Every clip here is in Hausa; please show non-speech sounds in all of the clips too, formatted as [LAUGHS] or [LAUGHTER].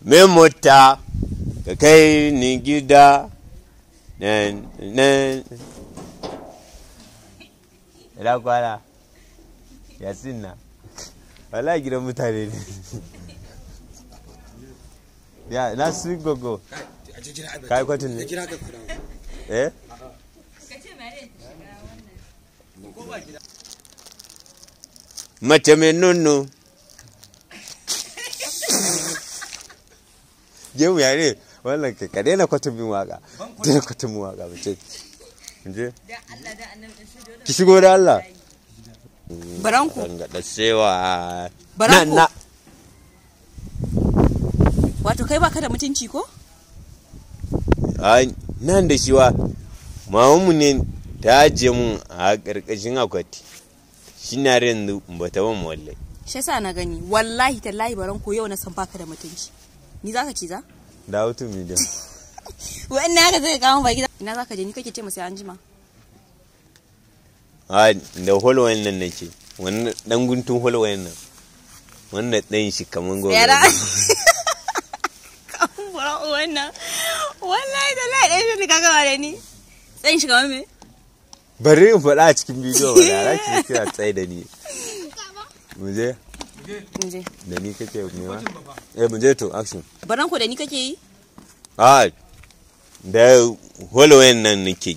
min mota ka kai ni gida nan ila kwana wala gidan mutane ne ya na su gogo kai ne eh mace mai nunnu gemu ya ne wannan ka ka daina kwatun min waka daina kwatun min waka mace je ki shigo da Allah baranku gada sewa baranku na wato kai baka da mutunci ko ai nan da shiwa mu ne ta ajiye mun a ƙarƙashin akwati shi na yanzu ba ta ban wallahi shi yasa na gani wallahi tallahi baranku yau na san baka da mutunci ni za ka ci za dawo tu miliyan na haka zai kawo baki ina za ka je ni kake ce masa an jima a ah, da holo nan nake wani dan guntun holo wannan wannan dan shi kamar gobe yara [LAUGHS] kaman bura wannan wallahi da lai dan shi ka gaba da ni dan shi kamar me bari in faɗa a cikin bidiyo ba yara ki kira tsaye da ni [LAUGHS] mu je da ni kake nema eh je to action baran ku da ni kake yi ai da holowen nan nake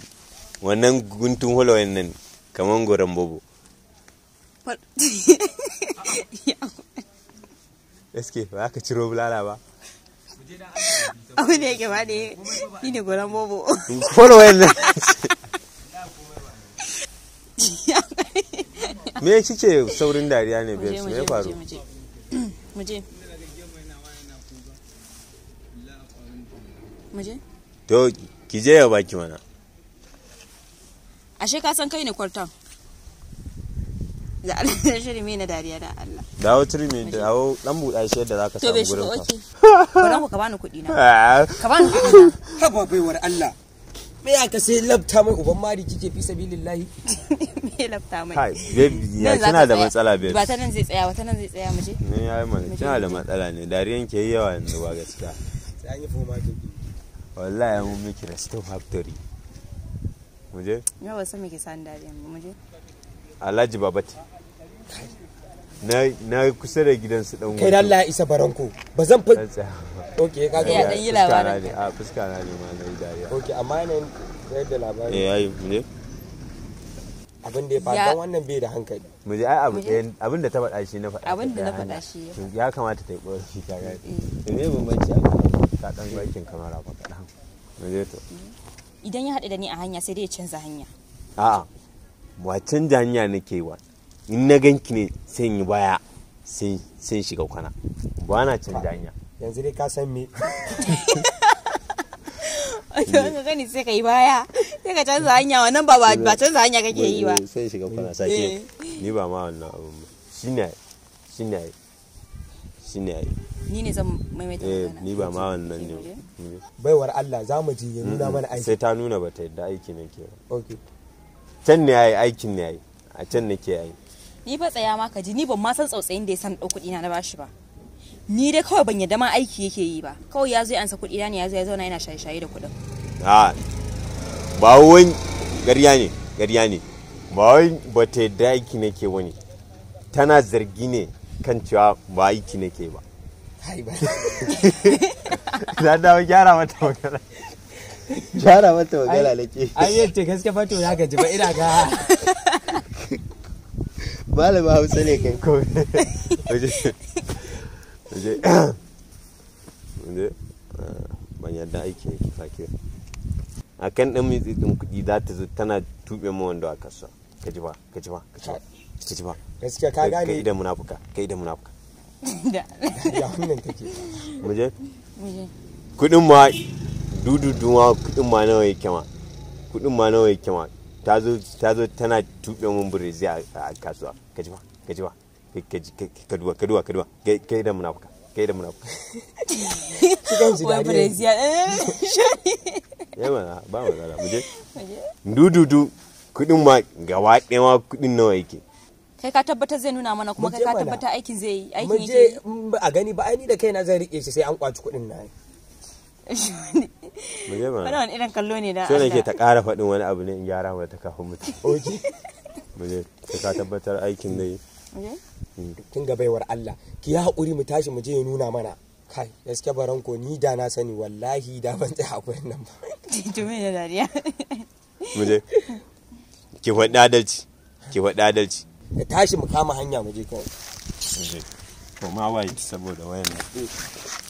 wannan guntun holowen nan kaman goran bobo [LAUGHS] eske ba ka ciro bulala ba abu ne yake ba ne ni ne goran bobo holowen nan [LAUGHS] [LAUGHS] me kike saurin dariya ne babes su ya faru to ki je ya baki mana ashe ka san kai ne kwartan da Allah [LAUGHS] shiri mai na dariya da Allah dawo tiri mai dan buɗa shi yadda zaka samu gurin ka to bai shi ka bani kuɗi na [LAUGHS] ka bani kuɗi na ka ba baiwar Allah me aka sai labta mai uban mari kike fi sabi lillahi [LAUGHS] me labta mai kai baby ya kina da matsala baby ba ta nan zai tsaya ba ta nan zai tsaya muje ne yi mana kina da matsala ne dariyan ke yawa yanzu ba gaskiya sai an yi foma ke wallahi mun miki resto factory muje yawa sai miki san dariyan muje Alhaji Babati na kusa da gidan su dan kai Allah ya isa baranku. ba zan fa okay ka ga ya dan yi labarin a fuska na ne ma na yi dariya okay amma ne yadda labarin eh ayi ne abin da ya faɗa wannan bai da hankali mu ji ai eh, abin da ta faɗa shi na faɗa abin da na faɗa shi ya kamata ta yi shi ta gani mm. ne bambanci ta dan bakin mm. kamara ba kaɗan mu je to mm. idan ya haɗu da ni a hanya sai dai ya canza hanya a'a wa canza hanya nake yi wa in na ganki ne sai yi baya sai sai shiga kwana ba na canja janya yanzu dai ka san me wato ka gani sai ka yi baya sai ka canza hanya wannan ba ba canza hanya kake yi ba sai shiga kwana sake eh. ni ba ma wannan abun ba shine shine shine ni ne zan maimaita eh ni ba ma wannan ne baiwar Allah za mu ji ya nuna mana aiki sai ta nuna ba ta yadda aiki ne ke okay can ne yayi aikin ne yayi a can nake yayi ni fa tsaya ma ka ji ni ban ma san tsautsayin da ya san dau kuɗi na na bashi ba ni dai kawai ban yadda ma aiki yake yi ba kawai ya zo ya ansa kuɗi na ne ya zo ya zauna yana shaye-shaye da kuɗin a ba wani gariya ne gariya ne ba wai ba ta yadda aiki nake wani tana zargi ne kan cewa ba aiki nake ba hai ba da [LAUGHS] dawo gyara mata magana gyara mata magana nake ai yace gaskiya fato ya gaji ba ina ga Malam hausa ne kai ko [LAUGHS] waje waje ah, ban yadda aiki yake sake a kan ɗan mitsi ɗin kuɗi za ta zo tana tuɓe mu wando a kasuwa ka ji ba ka ji ba ka ji ba gaskiya ka gane kai da munafuka kai idan munafuka da [LAUGHS] ya wannan take muje muje kuɗin ma dudu ma kuɗin ma nawa yake ma kuɗin ma nawa yake ma ta zo tana tuɓe mun burezi a kasuwa ka ji ba ka ji ba ka duba ka duba ka kai da munafuka kai da munafuka shi [LAUGHS] kan shi da burezi ya mana eh. [LAUGHS] ba mu zara mu je dududu kudin ma gaba ɗaya ma kudin nawa yake kai ka tabbatar zai nuna mana kuma kai ka tabbata aikin zai yi aikin yake a gani ba ai ni da kaina zan rike shi sai an kwaci kudin na wani wani irin kallo ne na Allah ke ta ƙara faɗin wani abu ne in gyara mata kafin mu oke Muje, je ka tabbatar aikin dai kin mm. ga baiwar Allah ki ya haƙuri mu tashi mu je ya nuna mana kai gaske baranko ni da na sani wallahi da ban tsaya a nan ba [LAUGHS] to da dariya mu ki faɗi adalci ki faɗi adalci ka tashi mu kama hanya mu je kawai to ma wai saboda wayan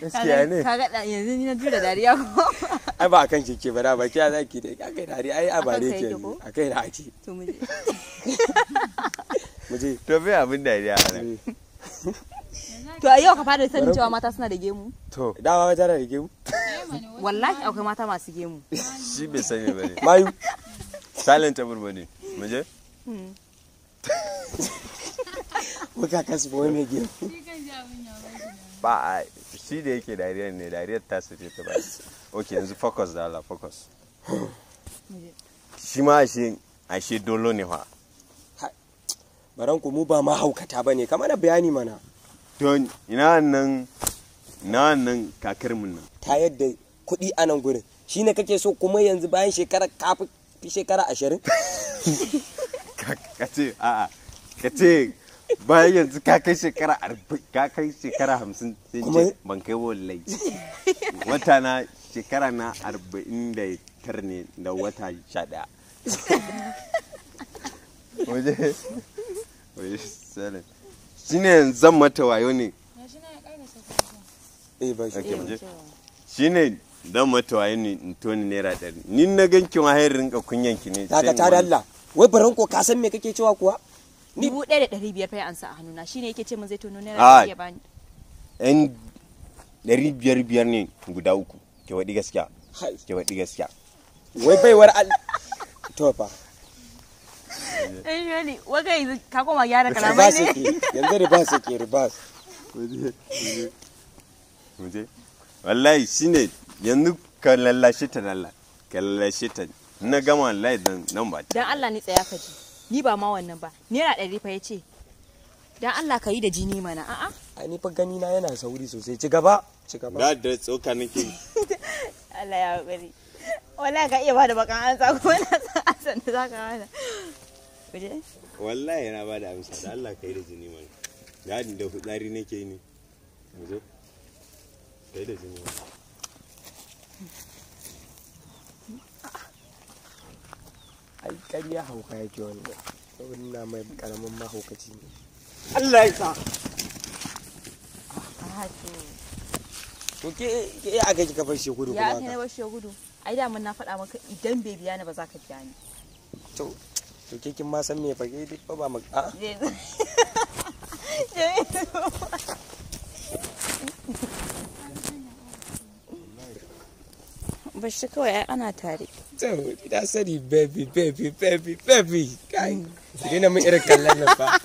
gaskiya ne ka ga yanzu ni na jira dariya ko ai ba kan kike ba da baki ya zaki da kai dariya ai abare A kai da ake to muje [LAUGHS] muje to bai abin dariya ne to a yau ka fara sanin cewa mata suna da gemu to dama mata da gemu wallahi akwai mata masu gemu shi bai sani ba ne mayu silent ba ne muje hmm. [LAUGHS] muka kasu boye mai gemu ba shi da yake dariyar ne dariyar ta su ta ba ok yanzu focus da Allah focus [LAUGHS] shi ma ashe ashe dolo ne fa baran ku mu ba ma haukata ba ne kamar bayani mana don ina nan na nan kakar mun nan ta yadda kuɗi a nan gurin shi ne kake so kuma yanzu bayan shekara kafin shekara ashirin [LAUGHS] ka ce a'a ka ce bayan yanzu ka kai shekara arba'in ka kai shekara hamsin sai ce ban kai wallahi wata na shekara na arba'in da tar ne da wata sha ɗaya waje waje salin shi ne zan mata wayo ne eh, shi ne zan mata wayo ne in toni naira ɗari ni na gan ma hain rinka kunyanki ne daga tare Allah wai baranko ka san me kake cewa kuwa dubu ɗaya da ɗari biyar fa ya ansa a hannuna shine yake ce min zai tono naira ya bani yan ɗari biyar biyar ne guda uku ke waɗi gaskiya ke waɗi gaskiya wai baiwar al [LAUGHS] to fa eh shani waga yanzu ka koma gyara kalamai ne yanzu ribas yake ribas muje wallahi shine yanzu ka lallashe ta lalla ka lallashe ta na gama wallahi dan nan ba dan Allah ni tsaya ka ji ni ba ma wannan ba naira ɗari fa ya ce dan Allah ka yi da jini mana a'a a ni fa gani na yana sauri sosai ci gaba ci gaba na da tsoka nake [LAUGHS] Allah ya bari wallahi ka iya bada bakan an tsako na san da zaka mana kuje wallahi yana bada amsa da Allah ka yi da jini mana da din da fitsari nake ni mu zo kai da jini mana ai ƙarya hauka yake wannan wani na mai karamin mahaukaci ne Allah ya sa to ke ke ya aka kika fashe gudu ya aka ne fashe gudu ai da mun na faɗa maka idan bai biya ni ba za ka biya ni to to ke kin ma san me fa ke duk ba maka a [LAUGHS] bashi kawai ana tare I said, sani baby baby baby baby kai sige na may irin kallon na pa